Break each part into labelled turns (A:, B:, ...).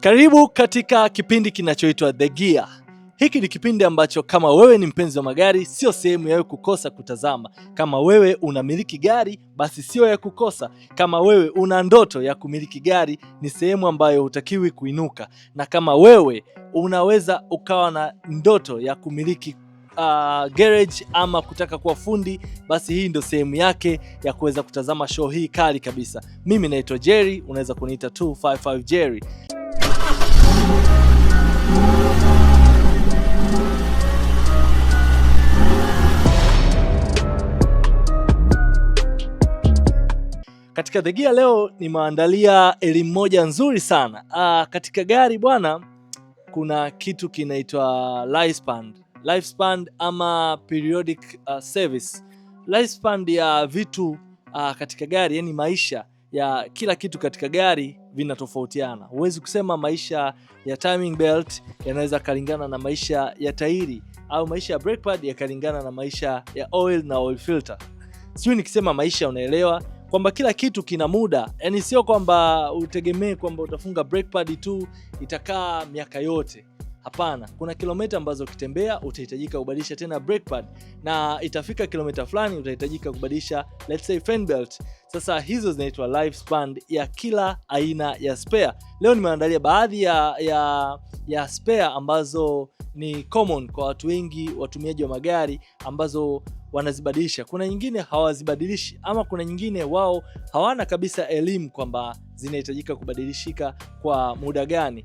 A: Karibu katika kipindi kinachoitwa The Gear. Hiki ni kipindi ambacho kama wewe ni mpenzi wa magari, sio sehemu ya kukosa kutazama. Kama wewe unamiliki gari, basi sio ya kukosa. Kama wewe una ndoto ya kumiliki gari, ni sehemu ambayo hutakiwi kuinuka. Na kama wewe unaweza ukawa na ndoto ya kumiliki Uh, garage ama kutaka kuwa fundi basi hii ndio sehemu yake ya kuweza kutazama show hii kali kabisa. Mimi naitwa Jerry, unaweza kuniita 255 Jerry. Katika The Gear leo nimeandalia elimu moja nzuri sana. Aa, ah, katika gari bwana, kuna kitu kinaitwa lifespan. Lifespan ama periodic uh, service. Lifespan ya vitu uh, katika gari yani maisha ya kila kitu katika gari vinatofautiana. Huwezi kusema maisha ya timing belt yanaweza kalingana na maisha ya tairi au maisha ya brake pad yakalingana na maisha ya oil na oil filter. Sijui nikisema maisha, unaelewa kwamba kila kitu kina muda, yani sio kwamba utegemee kwamba utafunga brake pad tu itakaa miaka yote. Hapana, kuna kilomita ambazo ukitembea utahitajika kubadilisha tena brake pad, na itafika kilomita fulani utahitajika kubadilisha let's say fan belt. Sasa hizo zinaitwa lifespan ya kila aina ya spare. Leo nimeandalia baadhi ya, ya, ya spare ambazo ni common kwa watu wengi watumiaji wa magari ambazo wanazibadilisha. Kuna nyingine hawazibadilishi, ama kuna nyingine wao hawana kabisa elimu kwamba zinahitajika kubadilishika kwa muda gani.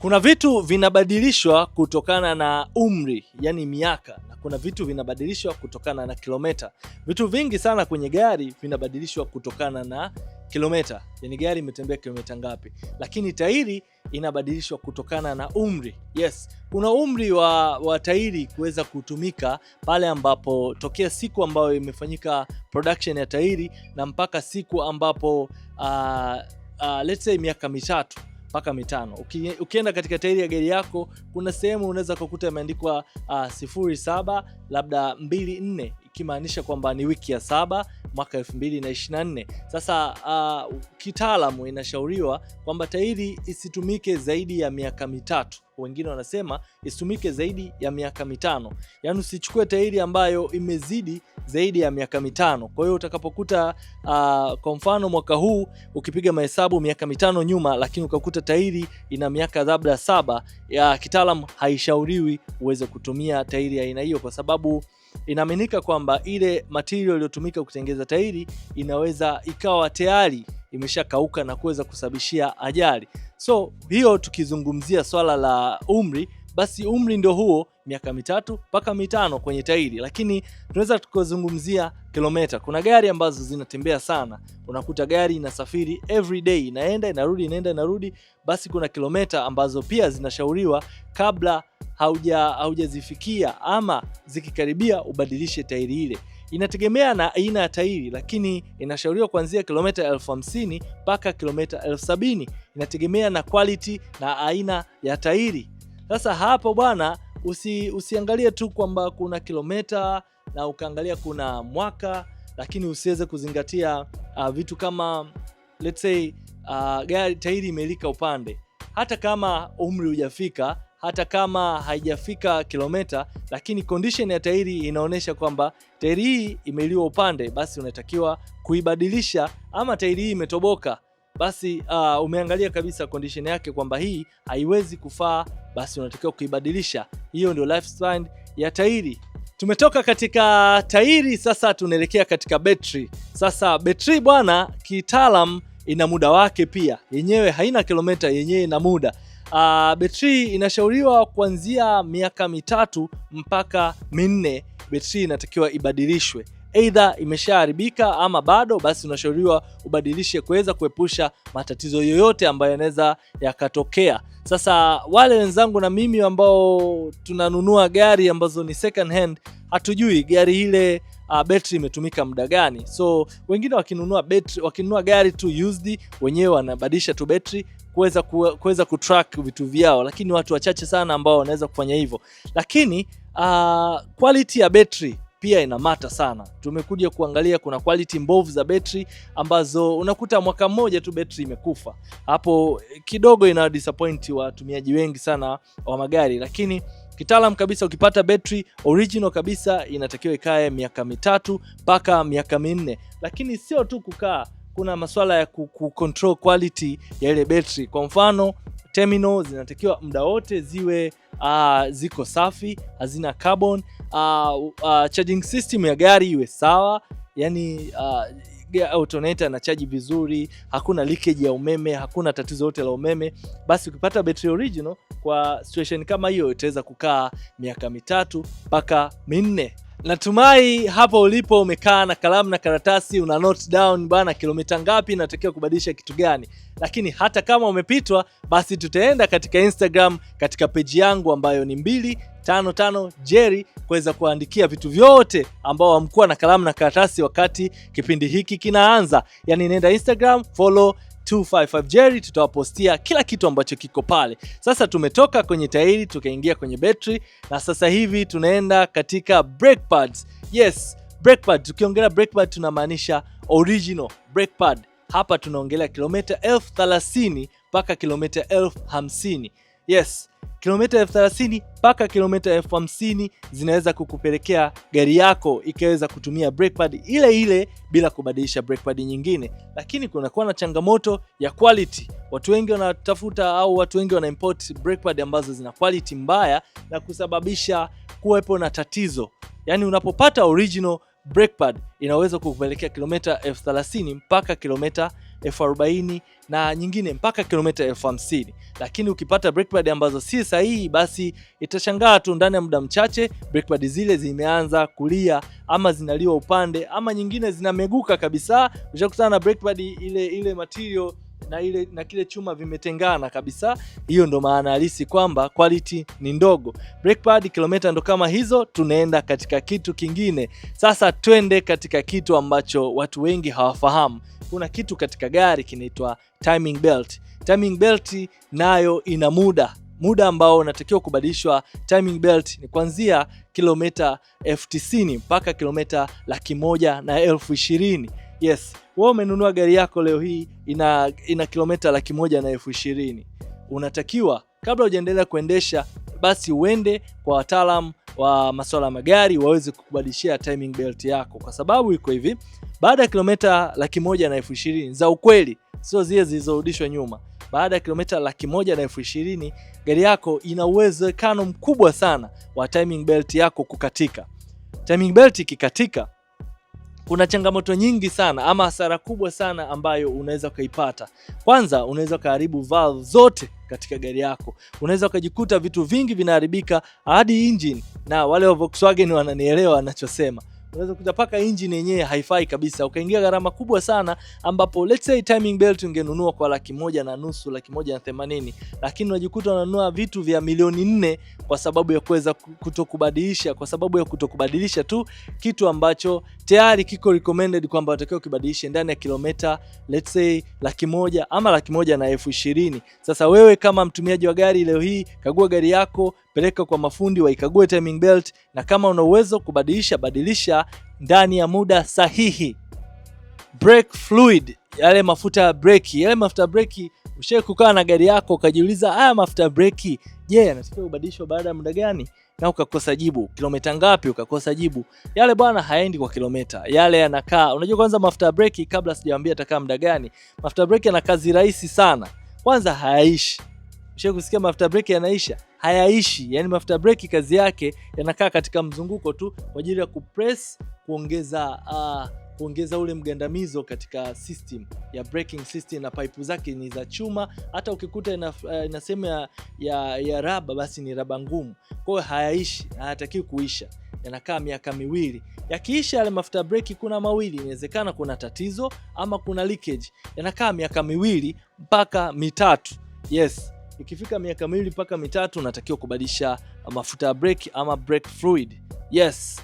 A: Kuna vitu vinabadilishwa kutokana na umri, yani miaka, na kuna vitu vinabadilishwa kutokana na kilomita. Vitu vingi sana kwenye gari vinabadilishwa kutokana na kilomita, yani gari imetembea kilomita ngapi. Lakini tairi inabadilishwa kutokana na umri. Yes, kuna umri wa, wa tairi kuweza kutumika pale ambapo tokea siku ambayo imefanyika production ya tairi na mpaka siku ambapo uh, uh, let's say miaka mitatu mpaka mitano. Uki, ukienda katika tairi ya gari yako kuna sehemu unaweza kukuta imeandikwa uh, sifuri saba labda mbili nne ikimaanisha kwamba ni wiki ya saba mwaka 2024. Sasa uh, kitaalamu inashauriwa kwamba tairi isitumike zaidi ya miaka mitatu, wengine wanasema isitumike zaidi ya miaka mitano, yaani usichukue tairi ambayo imezidi zaidi ya miaka mitano. Kwa hiyo utakapokuta uh, kwa mfano mwaka huu ukipiga mahesabu miaka mitano nyuma, lakini ukakuta tairi ina miaka labda saba, ya kitaalam haishauriwi uweze kutumia tairi aina hiyo kwa sababu inaaminika kwamba ile material iliyotumika kutengeza tairi inaweza ikawa tayari imeshakauka na kuweza kusababishia ajali. So hiyo tukizungumzia swala la umri basi umri ndio huo, miaka mitatu mpaka mitano kwenye tairi. Lakini tunaweza tukazungumzia kilomita. Kuna gari ambazo zinatembea sana, unakuta gari inasafiri every day, inaenda inarudi, inaenda inarudi. Basi kuna kilomita ambazo pia zinashauriwa kabla haujazifikia hauja ama zikikaribia ubadilishe tairi ile. Inategemea na aina ya tairi, lakini inashauriwa kuanzia kilomita elfu hamsini mpaka kilomita elfu sabini Inategemea na quality na aina ya tairi. Sasa hapo bwana, usi, usiangalie tu kwamba kuna kilomita na ukaangalia kuna mwaka, lakini usiweze kuzingatia uh, vitu kama let's say uh, gari tairi imelika upande, hata kama umri hujafika, hata kama haijafika kilomita, lakini condition ya tairi inaonyesha kwamba tairi hii imeliwa upande, basi unatakiwa kuibadilisha, ama tairi hii imetoboka basi uh, umeangalia kabisa condition yake kwamba hii haiwezi kufaa, basi unatakiwa kuibadilisha. Hiyo ndio lifespan ya tairi. Tumetoka katika tairi, sasa tunaelekea katika betri. Sasa betri bwana, kitaalam ina muda wake pia, yenyewe haina kilometa yenyewe ina muda Uh, betri inashauriwa kuanzia miaka mitatu mpaka minne, betri inatakiwa ibadilishwe aidha imeshaharibika ama bado, basi unashauriwa ubadilishe kuweza kuepusha matatizo yoyote ambayo yanaweza yakatokea. Sasa wale wenzangu na mimi ambao tunanunua gari ambazo ni second hand, hatujui gari ile uh, ah, betri imetumika muda gani. So wengine wakinunua betri, wakinunua gari tu used, wenyewe wanabadilisha tu betri kuweza kuweza kutrack vitu vyao, lakini watu wachache sana ambao wanaweza kufanya hivyo. Lakini uh, quality ya betri pia ina mata sana. Tumekuja kuangalia kuna quality mbovu za betri ambazo unakuta mwaka mmoja tu betri imekufa. Hapo eh, kidogo ina disappoint watumiaji wengi sana wa magari, lakini kitaalam kabisa ukipata betri original kabisa inatakiwa ikae miaka mitatu mpaka miaka minne, lakini sio tu kukaa kuna masuala ya kucontrol quality ya ile betri. Kwa mfano terminal zinatakiwa muda wote ziwe uh, ziko safi, hazina carbon. Uh, uh, charging system ya gari iwe sawa, yani uh, na inachaji vizuri, hakuna leakage ya umeme, hakuna tatizo lote la umeme. Basi ukipata battery original kwa situation kama hiyo itaweza kukaa miaka mitatu mpaka minne. Natumai hapo ulipo umekaa na kalamu na karatasi, una note down bana, kilomita ngapi natakiwa kubadilisha kitu gani. Lakini hata kama umepitwa, basi tutaenda katika Instagram, katika peji yangu ambayo ni mbili tano tano Jerry kuweza kuandikia vitu vyote ambao hamkuwa na kalamu na karatasi wakati kipindi hiki kinaanza. Yani nenda Instagram follow 255 Jerry, tutawapostia kila kitu ambacho kiko pale. Sasa tumetoka kwenye tairi tukaingia kwenye betri, na sasa hivi tunaenda katika brake pads. Yes, brake pad. Tukiongelea brake pad tunamaanisha original brake pad. Hapa tunaongelea kilomita elfu thelathini mpaka kilomita elfu hamsini. Yes, kilomita elfu thelathini mpaka kilomita elfu hamsini zinaweza kukupelekea gari yako ikaweza kutumia brake pad ile ile bila kubadilisha brake pad nyingine, lakini kunakuwa na changamoto ya quality. Watu wengi wanatafuta au watu wengi wana import brake pad ambazo zina quality mbaya na kusababisha kuwepo na tatizo, yaani unapopata original brake pad inaweza kukupelekea kilomita elfu thelathini mpaka kilomita elfu arobaini na nyingine mpaka kilomita elfu hamsini lakini ukipata breakpad ambazo si sahihi, basi itashangaa tu ndani ya muda mchache breakpad zile zimeanza kulia ama zinaliwa upande ama nyingine zinameguka kabisa. Ushakutana na breakpad ile ile material na ile na kile chuma vimetengana kabisa. Hiyo ndo maana halisi kwamba quality ni ndogo. Brake pad kilomita ndo kama hizo. Tunaenda katika kitu kingine sasa, twende katika kitu ambacho watu wengi hawafahamu. Kuna kitu katika gari kinaitwa timing belt. Timing belt nayo ina muda muda ambao unatakiwa kubadilishwa timing belt ni kuanzia kilomita elfu tisini mpaka kilomita laki moja na elfu ishirini. Yes, wewe umenunua gari yako leo hii ina, ina kilomita laki moja na elfu ishirini. Unatakiwa kabla hujaendelea kuendesha basi uende kwa wataalam wa masuala ya magari waweze kukubadilishia timing belt yako, kwa sababu iko hivi, baada ya kilomita laki moja na elfu ishirini za ukweli, sio zile zilizorudishwa nyuma. Baada ya kilomita laki moja na elfu ishirini gari yako ina uwezekano mkubwa sana wa timing belt yako kukatika. Timing belt ikikatika kuna changamoto nyingi sana ama hasara kubwa sana ambayo unaweza ukaipata. Kwanza, unaweza ukaharibu valve zote katika gari yako. Unaweza ukajikuta vitu vingi vinaharibika hadi engine, na wale wa Volkswagen wananielewa anachosema unaweza kuja paka engine yenyewe haifai kabisa, ukaingia gharama kubwa sana, ambapo let's say timing belt ungenunua kwa laki moja na nusu, laki moja na themanini, lakini unajikuta unanunua vitu vya milioni nne kwa sababu ya kuweza kutokubadilisha, kwa sababu ya kutokubadilisha tu kitu ambacho tayari kiko recommended kwamba unatakiwa kibadilishe ndani ya kilomita let's say laki moja ama laki moja na elfu ishirini. Sasa wewe kama mtumiaji wa gari leo hii, kagua gari yako peleka kwa mafundi waikague timing belt, na kama una uwezo kubadilisha, badilisha ndani ya muda sahihi. Brake fluid, yale mafuta ya breki, yale mafuta ya breki. Ushawahi kukaa na gari yako ukajiuliza, haya mafuta ya breki je, yeah, yanatakiwa kubadilishwa baada ya muda gani? na ukakosa jibu. Kilomita ngapi? Ukakosa jibu. Yale bwana haendi kwa kilomita, yale yanakaa. Unajua, kwanza mafuta ya breki, kabla sijaambia atakaa muda gani, mafuta ya breki yana kazi rahisi sana. Kwanza hayaishi. Ushawahi kusikia mafuta ya breki yanaisha? hayaishi, yani mafuta breki kazi yake yanakaa katika mzunguko tu kwa ajili ya kupress kuongeza uh, kuongeza ule mgandamizo katika system ya braking system, na pipe zake ni za chuma. Hata ukikuta ina, eh, ina sehemu ya, ya, ya raba, basi ni raba ngumu. Kwa hiyo hayaishi, hayatakiwi kuisha, yanakaa miaka miwili. Yakiisha yale mafuta breki, kuna mawili, inawezekana kuna tatizo ama kuna leakage. Yanakaa miaka miwili mpaka mitatu, yes ikifika miaka miwili mpaka mitatu unatakiwa kubadilisha mafuta ya brek ama brake fluid. Yes.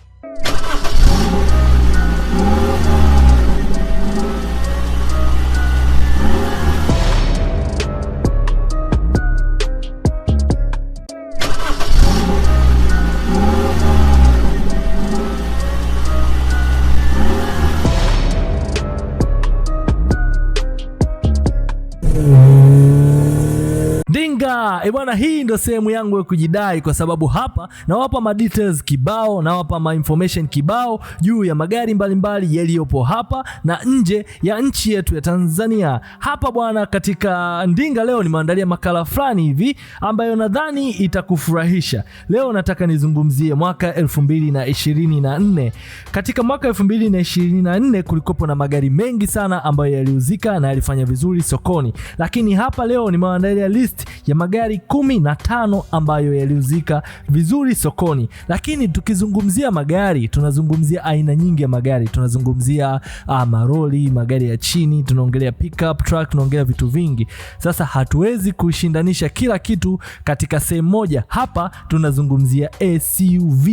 A: E bwana, hii ndio sehemu yangu ya kujidai, kwa sababu hapa nawapa ma details kibao, nawapa ma information kibao juu ya magari mbalimbali yaliyopo hapa na nje ya nchi yetu ya Tanzania. Hapa bwana, katika Ndinga leo nimeandalia makala fulani hivi ambayo nadhani itakufurahisha. Leo nataka nizungumzie mwaka 2024. Katika mwaka 2024 kulikopo na magari mengi sana ambayo yaliuzika na yalifanya vizuri sokoni, lakini hapa leo nimeandalia list ya magari magari kumi na tano ambayo yaliuzika vizuri sokoni. Lakini tukizungumzia magari, tunazungumzia aina nyingi ya magari, tunazungumzia uh, maroli, magari ya chini, tunaongelea pickup truck, tunaongelea vitu vingi. Sasa hatuwezi kushindanisha kila kitu katika sehemu moja. Hapa tunazungumzia SUV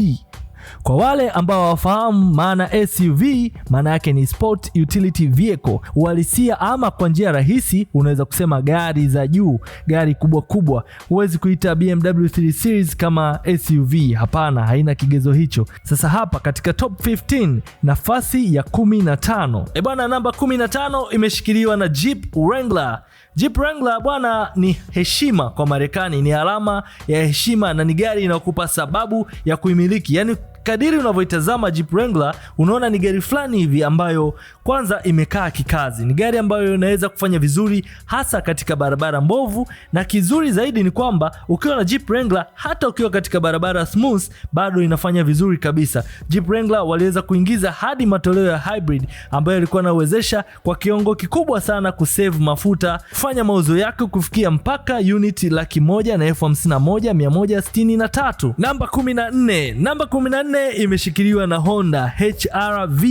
A: kwa wale ambao wafahamu maana SUV, maana yake ni sport utility vehicle uhalisia, ama kwa njia rahisi unaweza kusema gari za juu, gari kubwa kubwa. Huwezi kuita BMW 3 Series kama SUV, hapana, haina kigezo hicho. Sasa hapa katika top 15 nafasi ya 15, e bwana, namba 15 imeshikiliwa na Jeep Wrangler. Jeep Wrangler bwana, ni heshima kwa Marekani, ni alama ya heshima na ni gari inayokupa sababu ya kuimiliki, yani kadiri unavyoitazama Jeep Wrangler unaona ni gari fulani hivi ambayo kwanza imekaa kikazi, ni gari ambayo inaweza kufanya vizuri hasa katika barabara mbovu, na kizuri zaidi ni kwamba ukiwa na Jeep Wrangler, hata ukiwa katika barabara smooth, bado inafanya vizuri kabisa. Jeep Wrangler waliweza kuingiza hadi matoleo ya hybrid ambayo ilikuwa inawezesha kwa kiwango kikubwa sana kusave mafuta, kufanya mauzo yako kufikia mpaka unit laki moja na elfu hamsini na moja mia moja sitini na tatu. Namba nne, namba nne nne imeshikiliwa na Honda HRV.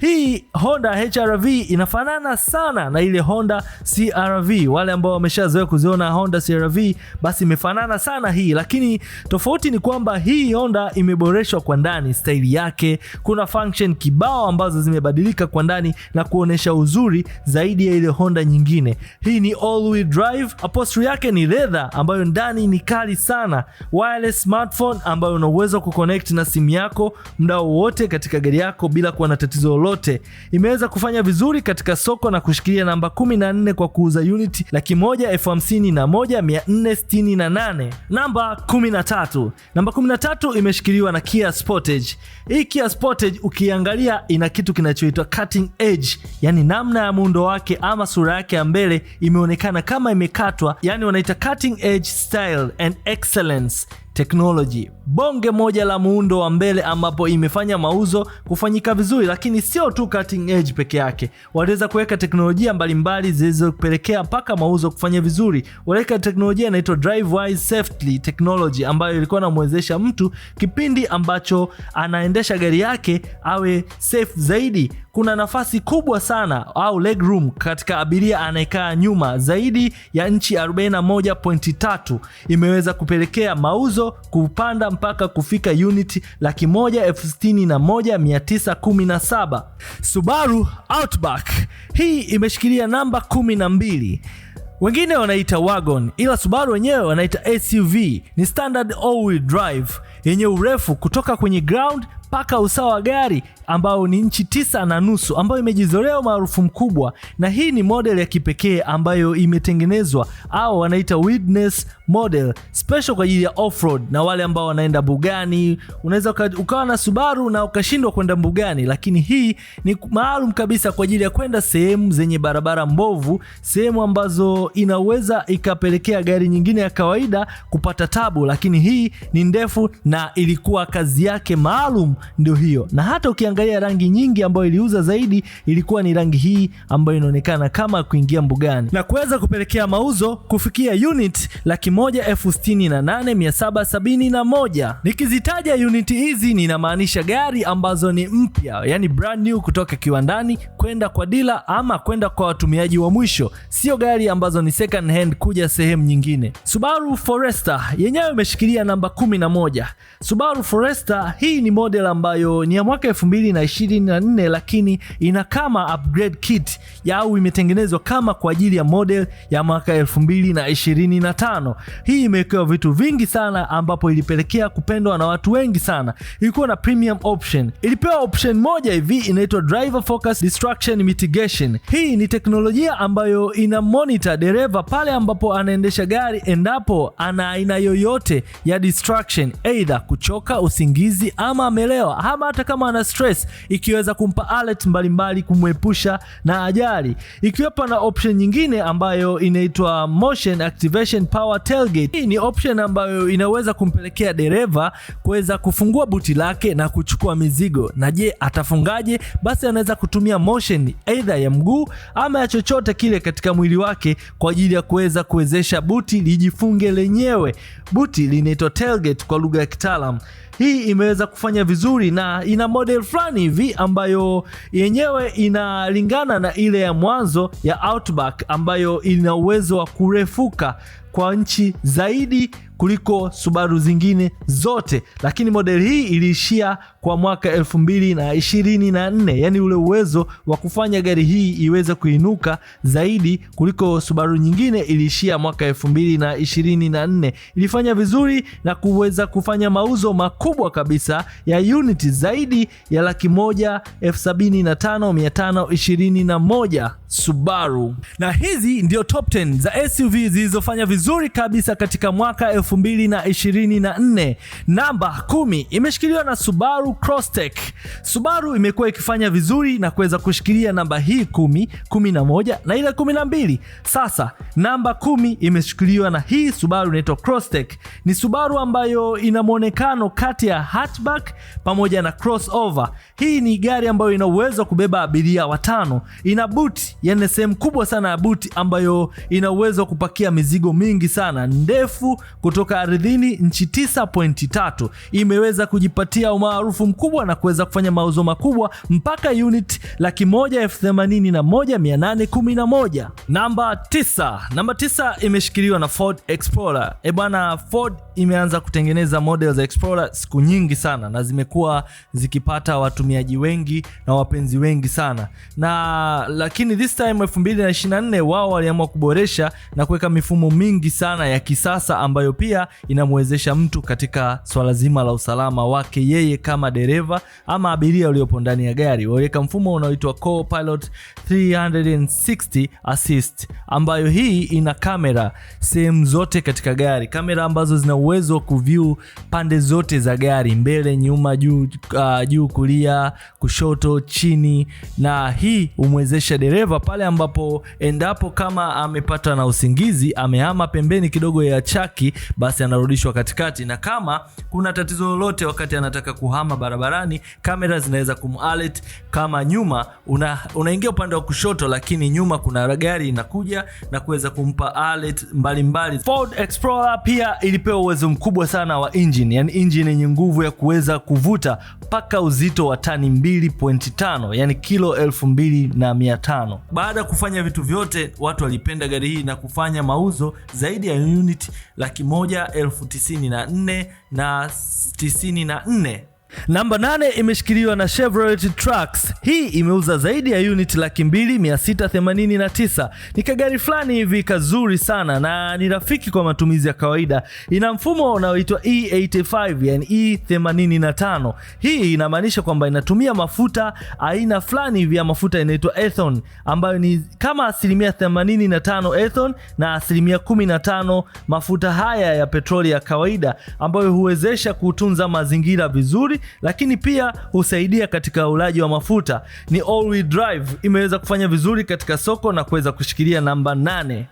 A: Hii Honda HRV inafanana sana na ile Honda CRV. Wale ambao wameshazoea kuziona Honda CRV, basi imefanana sana hii, lakini tofauti ni kwamba hii Honda imeboreshwa kwa ndani, staili yake, kuna function kibao ambazo zimebadilika kwa ndani na kuonesha uzuri zaidi ya ile Honda nyingine. Hii ni all wheel drive, upholstery yake ni leather ambayo ndani ni kali sana, wireless smartphone ambayo una uwezo kuconnect na simu simu yako muda wowote katika gari yako bila kuwa na tatizo lolote. Imeweza kufanya vizuri katika soko na kushikilia namba 14 kwa kuuza unit laki moja elfu hamsini na moja mia nne sitini na nane. Namba 13. Namba 13 imeshikiliwa na Kia Sportage. Hii Kia Sportage ukiangalia ina kitu kinachoitwa cutting edge, yani namna ya muundo wake ama sura yake ya mbele imeonekana kama imekatwa, yani wanaita cutting edge style and excellence Technology. Bonge moja la muundo wa mbele ambapo imefanya mauzo kufanyika vizuri, lakini sio tu cutting edge peke yake. Waliweza kuweka teknolojia mbalimbali zilizopelekea mpaka mauzo kufanya vizuri. Waliweka teknolojia inaitwa DriveWise Safety Technology ambayo ilikuwa inamwezesha mtu kipindi ambacho anaendesha gari yake awe safe zaidi. Kuna nafasi kubwa sana au leg room katika abiria anayekaa nyuma, zaidi ya inchi 41.3 imeweza kupelekea mauzo hizo kupanda mpaka kufika unit laki moja elfu sitini na moja mia tisa kumi na saba. Subaru Outback hii imeshikilia namba kumi na mbili wengine wanaita wagon ila Subaru wenyewe wanaita SUV. Ni standard all-wheel drive yenye urefu kutoka kwenye ground mpaka usawa wa gari ambao ni inchi tisa na nusu ambayo imejizorea maarufu mkubwa, na hii ni model ya kipekee ambayo imetengenezwa au wanaita wilderness model special kwa ajili ya offroad na wale ambao wanaenda mbugani. Unaweza ukawa na Subaru na ukashindwa kwenda mbugani, lakini hii ni maalum kabisa kwa ajili ya kwenda sehemu zenye barabara mbovu, sehemu ambazo inaweza ikapelekea gari nyingine ya kawaida kupata tabu, lakini hii ni ndefu na ilikuwa kazi yake maalum ndio hiyo, na hata ukiangalia rangi nyingi ambayo iliuza zaidi ilikuwa ni rangi hii ambayo inaonekana kama kuingia mbugani na kuweza kupelekea mauzo kufikia unit laki moja elfu sitini na nane mia saba sabini na moja. Nikizitaja unit hizi ninamaanisha gari ambazo ni mpya, yani brand new kutoka kiwandani kwenda kwa dila ama kwenda kwa watumiaji wa mwisho, sio gari ambazo ni second hand kuja sehemu nyingine. Subaru Forester yenyewe imeshikilia namba moja Subaru Forester hii ni model ambayo ni ya mwaka 2024 lakini ina kama upgrade kit au imetengenezwa kama kwa ajili ya model ya mwaka 2025. Hii imewekewa vitu vingi sana ambapo ilipelekea kupendwa na watu wengi sana. Ilikuwa na premium option. Ilipewa option moja hivi inaitwa driver focus distraction mitigation. Hii ni teknolojia ambayo ina monitor dereva pale ambapo anaendesha gari endapo ana aina yoyote ya distraction aidha aidha kuchoka, usingizi ama amelewa ama hata kama ana stress, ikiweza kumpa alert mbalimbali kumwepusha na ajali, ikiwepo na option nyingine ambayo inaitwa motion activation power tailgate. Hii ni option ambayo inaweza kumpelekea dereva kuweza kufungua buti lake na kuchukua mizigo. Na je, atafungaje? Basi anaweza kutumia motion aidha ya mguu ama ya chochote kile katika mwili wake kwa ajili ya kuweza kuwezesha buti lijifunge lenyewe. Buti linaitwa tailgate kwa lugha ya kitaalam. Hii imeweza kufanya vizuri na ina model fulani hivi ambayo yenyewe inalingana na ile ya mwanzo ya Outback ambayo ina uwezo wa kurefuka kwa nchi zaidi kuliko Subaru zingine zote, lakini modeli hii iliishia kwa mwaka elfu mbili na ishirini na nne yani ule uwezo wa kufanya gari hii iweze kuinuka zaidi kuliko Subaru nyingine iliishia mwaka elfu mbili na ishirini na nne. Ilifanya vizuri na kuweza kufanya mauzo makubwa kabisa ya unit zaidi ya laki moja elfu sabini na tano mia tano ishirini na moja. Subaru. Na hizi ndio top 10 za SUV zilizofanya vizuri kabisa katika mwaka 2024. Na Namba kumi imeshikiliwa na Subaru Crosstek. Subaru imekuwa ikifanya vizuri na kuweza kushikilia namba hii kumi, kumi na moja na ile kumi na mbili. Sasa namba kumi imeshikiliwa na hii Subaru inaitwa Crosstek. Ni Subaru ambayo ina mwonekano kati ya hatchback pamoja na crossover. Hii ni gari ambayo ina uwezo wa kubeba abiria watano. Ina buti yani sehemu kubwa sana ya buti ambayo ina uwezo wa kupakia mizigo mingi sana ndefu kutoka ardhini nchi 9.3 imeweza kujipatia umaarufu mkubwa na kuweza kufanya mauzo makubwa mpaka unit laki moja elfu themanini na moja mia nane kumi na moja. Namba tisa. Namba tisa imeshikiliwa na Ford Explorer. E bwana, Ford imeanza kutengeneza model za Explorer siku nyingi sana na zimekuwa zikipata watumiaji wengi na wapenzi wengi sana na lakini this this time 2024 wao waliamua kuboresha na kuweka mifumo mingi sana ya kisasa ambayo pia inamwezesha mtu katika swala zima la usalama wake yeye kama dereva ama abiria uliopo ndani ya gari. Waliweka mfumo unaoitwa Co-Pilot 360 Assist ambayo hii ina kamera sehemu zote katika gari, kamera ambazo zina uwezo wa kuview pande zote za gari, mbele, nyuma, juu, uh, juu, kulia, kushoto, chini, na hii umwezesha dereva pale ambapo endapo kama amepata na usingizi, amehama pembeni kidogo ya chaki, basi anarudishwa katikati, na kama kuna tatizo lolote wakati anataka kuhama barabarani, kamera zinaweza kumalert kama nyuma una, unaingia upande wa kushoto, lakini nyuma kuna gari inakuja na kuweza kumpa alert mbalimbali. Ford Explorer pia ilipewa uwezo mkubwa sana wa engine, yani engine yenye nguvu ya kuweza kuvuta mpaka uzito wa tani 2.5 yani kilo 2500. Baada ya kufanya vitu vyote, watu walipenda gari hii na kufanya mauzo zaidi ya unit laki moja elfu tisini na nne na tisini na nne Namba nane imeshikiliwa na Chevrolet Trax. Hii imeuza zaidi ya unit laki mbili mia sita themanini na tisa. Ni kagari fulani hivi kazuri sana na ni rafiki kwa matumizi ya kawaida. Ina mfumo unaoitwa E85, yani E85. Hii inamaanisha kwamba inatumia mafuta aina fulani ya mafuta inaitwa ethon, ambayo ni kama asilimia 85 ethon na asilimia 15 mafuta haya ya petroli ya kawaida, ambayo huwezesha kutunza mazingira vizuri lakini pia husaidia katika ulaji wa mafuta. Ni all-wheel drive imeweza kufanya vizuri katika soko na kuweza kushikilia namba nane.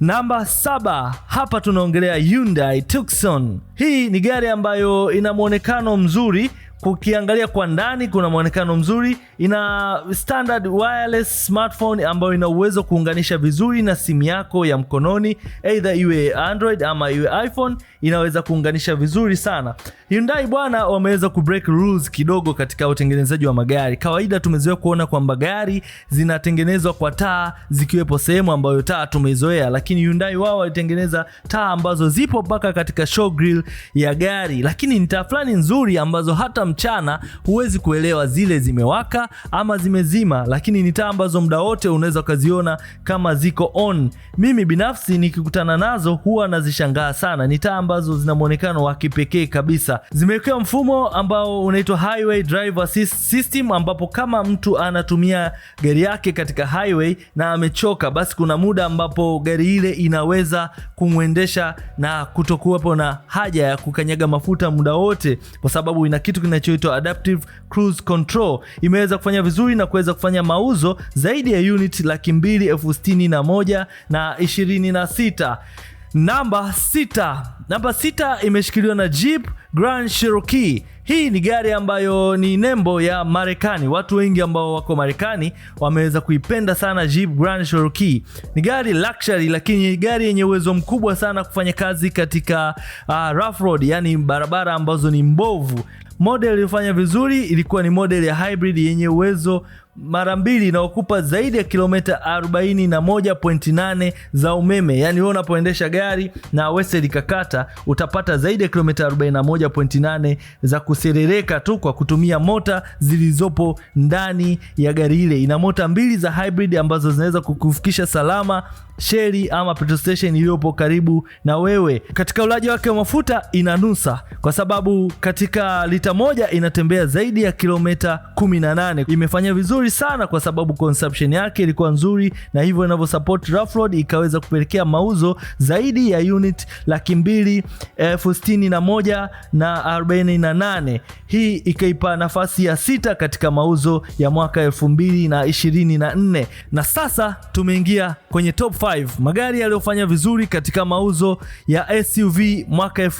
A: Namba saba, hapa tunaongelea Hyundai Tucson. Hii ni gari ambayo ina mwonekano mzuri Kukiangalia kwa ndani, kuna mwonekano mzuri. Ina standard wireless smartphone ambayo ina uwezo kuunganisha vizuri na simu yako ya mkononi, either iwe Android ama iwe iPhone, inaweza kuunganisha vizuri sana. Hyundai bwana, wameweza ku break rules kidogo katika utengenezaji wa magari. Kawaida tumezoea kuona kwamba gari zinatengenezwa kwa taa zikiwepo sehemu ambayo taa tumezoea, lakini Hyundai wao walitengeneza taa ambazo zipo mpaka katika show grill ya gari, lakini ni taa fulani nzuri ambazo hata mchana huwezi kuelewa zile zimewaka ama zimezima, lakini ni taa ambazo muda wote unaweza ukaziona kama ziko on. Mimi binafsi nikikutana nazo huwa nazishangaa sana. Ni taa ambazo zina mwonekano wa kipekee kabisa. Zimewekewa mfumo ambao unaitwa Highway Driver Assist System, ambapo kama mtu anatumia gari yake katika highway na amechoka, basi kuna muda ambapo gari ile inaweza kumwendesha na kutokuwepo na haja ya kukanyaga mafuta muda wote, kwa sababu ina kitu kina kinachoitwa Adaptive Cruise Control imeweza kufanya vizuri na kuweza kufanya mauzo zaidi ya unit laki mbili elfu sitini na moja na ishirini na sita. Namba sita, namba sita imeshikiliwa na Jeep Grand Cherokee. Hii ni gari ambayo ni nembo ya Marekani. Watu wengi ambao wako Marekani wameweza kuipenda sana Jeep Grand Cherokee. Ni gari luxury, lakini gari yenye uwezo mkubwa sana kufanya kazi katika uh, rough road, yani barabara ambazo ni mbovu. Model iliyofanya vizuri ilikuwa ni model ya hybrid yenye uwezo mara mbili inaokupa zaidi ya kilomita 41.8 za umeme. Yani wewe unapoendesha gari na wese likakata, utapata zaidi ya kilomita 41.8 za kuserereka tu kwa kutumia mota zilizopo ndani ya gari ile. Ina mota mbili za hybrid ambazo zinaweza kukufikisha salama sheri ama petrol station iliyopo karibu na wewe. Katika ulaji wake wa mafuta inanusa, kwa sababu katika lita moja inatembea zaidi ya kilomita 18. Imefanya vizuri nzuri sana kwa sababu consumption yake ilikuwa nzuri, na hivyo support Rafload ikaweza kupelekea mauzo zaidi ya unit laki mbili elfu sitini na moja na arobaini na nane. Hii ikaipa nafasi ya sita katika mauzo ya mwaka elfu mbili na ishirini na nne na sasa tumeingia kwenye top 5 magari yaliyofanya vizuri katika mauzo ya SUV mwaka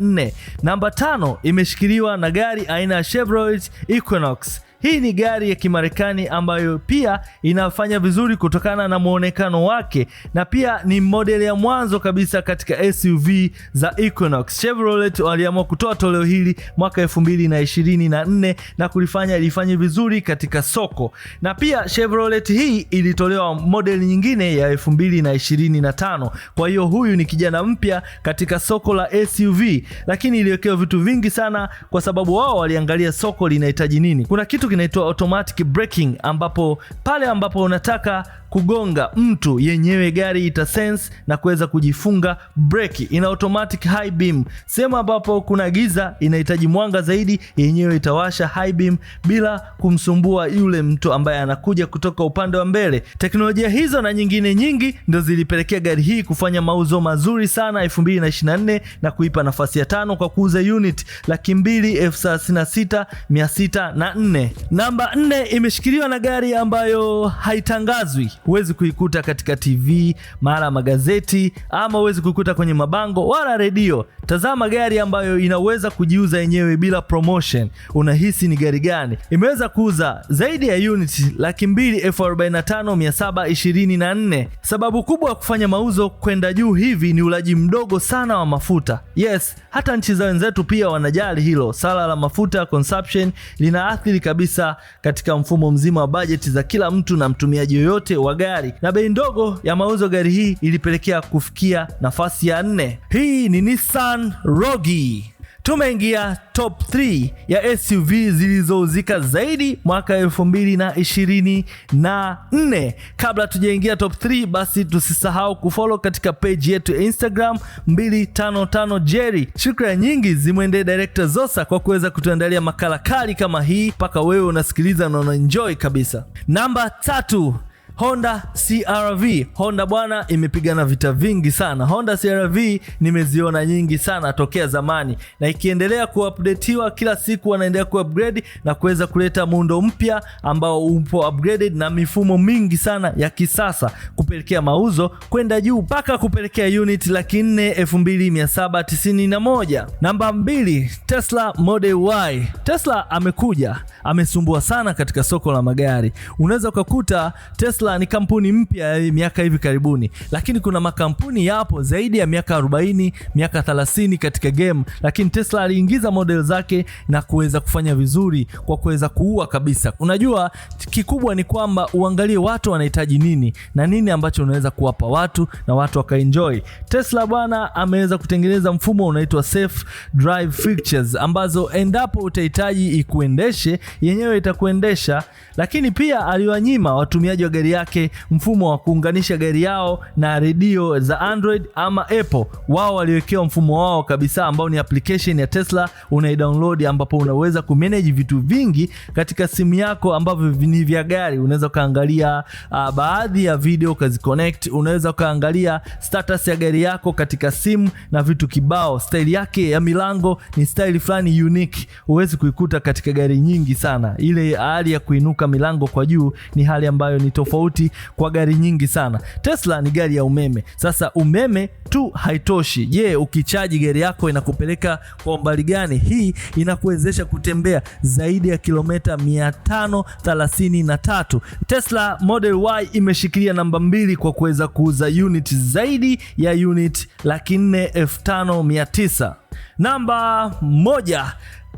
A: nne. Namba tano imeshikiliwa na gari aina ya Chevrolet Equinox hii ni gari ya Kimarekani ambayo pia inafanya vizuri kutokana na mwonekano wake na pia ni modeli ya mwanzo kabisa katika SUV za Equinox. Chevrolet waliamua kutoa toleo hili mwaka 2024 na kulifanya ilifanye vizuri katika soko, na pia Chevrolet hii ilitolewa modeli nyingine ya 2025. Kwa hiyo huyu ni kijana mpya katika soko la SUV, lakini iliwekewa vitu vingi sana, kwa sababu wao waliangalia soko linahitaji nini. Kuna kitu kinaitwa automatic braking, ambapo pale ambapo unataka kugonga mtu, yenyewe gari ita sense na kuweza kujifunga breki. Ina automatic high beam. Sehemu ambapo kuna giza inahitaji mwanga zaidi, yenyewe itawasha high beam bila kumsumbua yule mtu ambaye anakuja kutoka upande wa mbele. Teknolojia hizo na nyingine nyingi ndo zilipelekea gari hii kufanya mauzo mazuri sana 2024 na kuipa nafasi ya tano kwa kuuza unit laki mbili elfu thelathini na sita mia sita na nne. Namba nne imeshikiliwa na gari ambayo haitangazwi huwezi kuikuta katika TV, mara magazeti, ama huwezi kuikuta kwenye mabango wala redio. Tazama gari ambayo inaweza kujiuza yenyewe bila promotion. Unahisi ni gari gani? Imeweza kuuza zaidi ya unit laki mbili elfu arobaini na tano mia saba ishirini na nne. Sababu kubwa ya kufanya mauzo kwenda juu hivi ni ulaji mdogo sana wa mafuta. Yes, hata nchi za wenzetu pia wanajali hilo. Sala la mafuta consumption linaathiri kabisa katika mfumo mzima wa bajeti za kila mtu na mtumiaji yoyote wa kwa gari na bei ndogo ya mauzo, gari hii ilipelekea kufikia nafasi ya nne. Hii ni Nissan Rogue. Tumeingia top 3 ya SUV zilizouzika zaidi mwaka elfu na ishirini na nne. Kabla tujaingia top 3, basi tusisahau kufollow katika page yetu ya Instagram 255 Jerry. Shukrani nyingi zimwendee director Zosa kwa kuweza kutuandalia makala kali kama hii, mpaka wewe unasikiliza na unaenjoy kabisa. Namba tatu Honda CRV. Honda bwana, imepigana vita vingi sana. Honda CRV nimeziona nyingi sana tokea zamani, na ikiendelea kuupdateiwa kila siku, wanaendelea kuupgrade na kuweza kuleta muundo mpya ambao upo upgraded na mifumo mingi sana ya kisasa, kupelekea mauzo kwenda juu mpaka kupelekea unit laki nne elfu mbili mia saba tisini na moja. Namba mbili, Tesla Model Y. Tesla amekuja amesumbua sana katika soko la magari, unaweza ukakuta Tesla Tesla ni kampuni mpya ya miaka hivi karibuni, lakini kuna makampuni yapo zaidi ya miaka 40, miaka 30 katika game, lakini Tesla aliingiza model zake na kuweza kufanya vizuri kwa kuweza kuua kabisa. Unajua, kikubwa ni kwamba uangalie watu wanahitaji nini na nini ambacho unaweza kuwapa watu na watu wakaenjoy. Tesla bwana ameweza kutengeneza mfumo unaitwa safe drive features ambazo endapo utahitaji ikuendeshe yenyewe itakuendesha, lakini pia aliwanyima watumiaji wa gari yake mfumo wa kuunganisha gari yao na redio za Android ama Apple. Wao waliwekewa mfumo wao kabisa ambao ni application ya Tesla, unaidownload ambapo unaweza kumanage vitu vingi katika simu yako ambavyo ni vya gari. Unaweza ukaangalia uh, baadhi ya video ukaziconnect, unaweza ukaangalia status ya gari yako katika simu na vitu kibao. Style yake ya milango ni style fulani unique, huwezi kuikuta katika gari nyingi sana. Ile hali ya kuinuka milango kwa juu ni hali ambayo ni tofauti tofauti kwa gari nyingi sana. Tesla ni gari ya umeme. Sasa umeme tu haitoshi. Je, ukichaji gari yako inakupeleka kwa umbali gani? Hii inakuwezesha kutembea zaidi ya kilometa 533. Tesla Model Y imeshikilia namba mbili kwa kuweza kuuza unit zaidi ya unit laki nne elfu tano mia tisa. Namba moja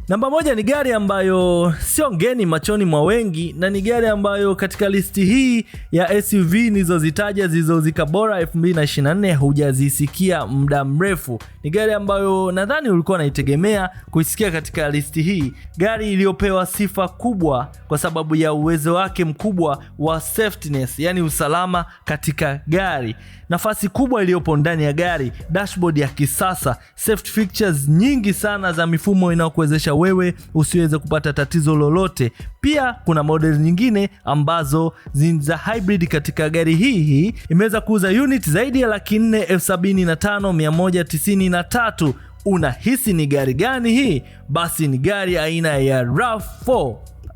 A: Namba moja ni gari ambayo sio ngeni machoni mwa wengi na ni gari ambayo katika listi hii ya SUV nilizozitaja zilizozika bora 2024 hujazisikia muda mrefu. Ni gari ambayo nadhani ulikuwa unaitegemea kuisikia katika listi hii, gari iliyopewa sifa kubwa kwa sababu ya uwezo wake mkubwa wa safetyness, yani usalama katika gari, nafasi kubwa iliyopo ndani ya gari, dashboard ya kisasa, safety features nyingi sana za mifumo inayokuwezesha wewe usiweze kupata tatizo lolote. Pia kuna model nyingine ambazo za hybrid katika gari hii hii imeweza kuuza unit zaidi ya laki nne elfu sabini na tano mia moja tisini na tatu. Unahisi ni gari gani hii? Basi ni gari aina ya RAV4.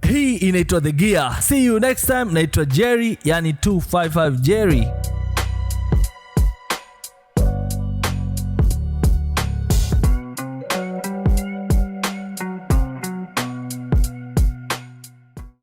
A: Hii inaitwa The Gear. See you next time. Naitwa Jerry, yani 255 Jerry.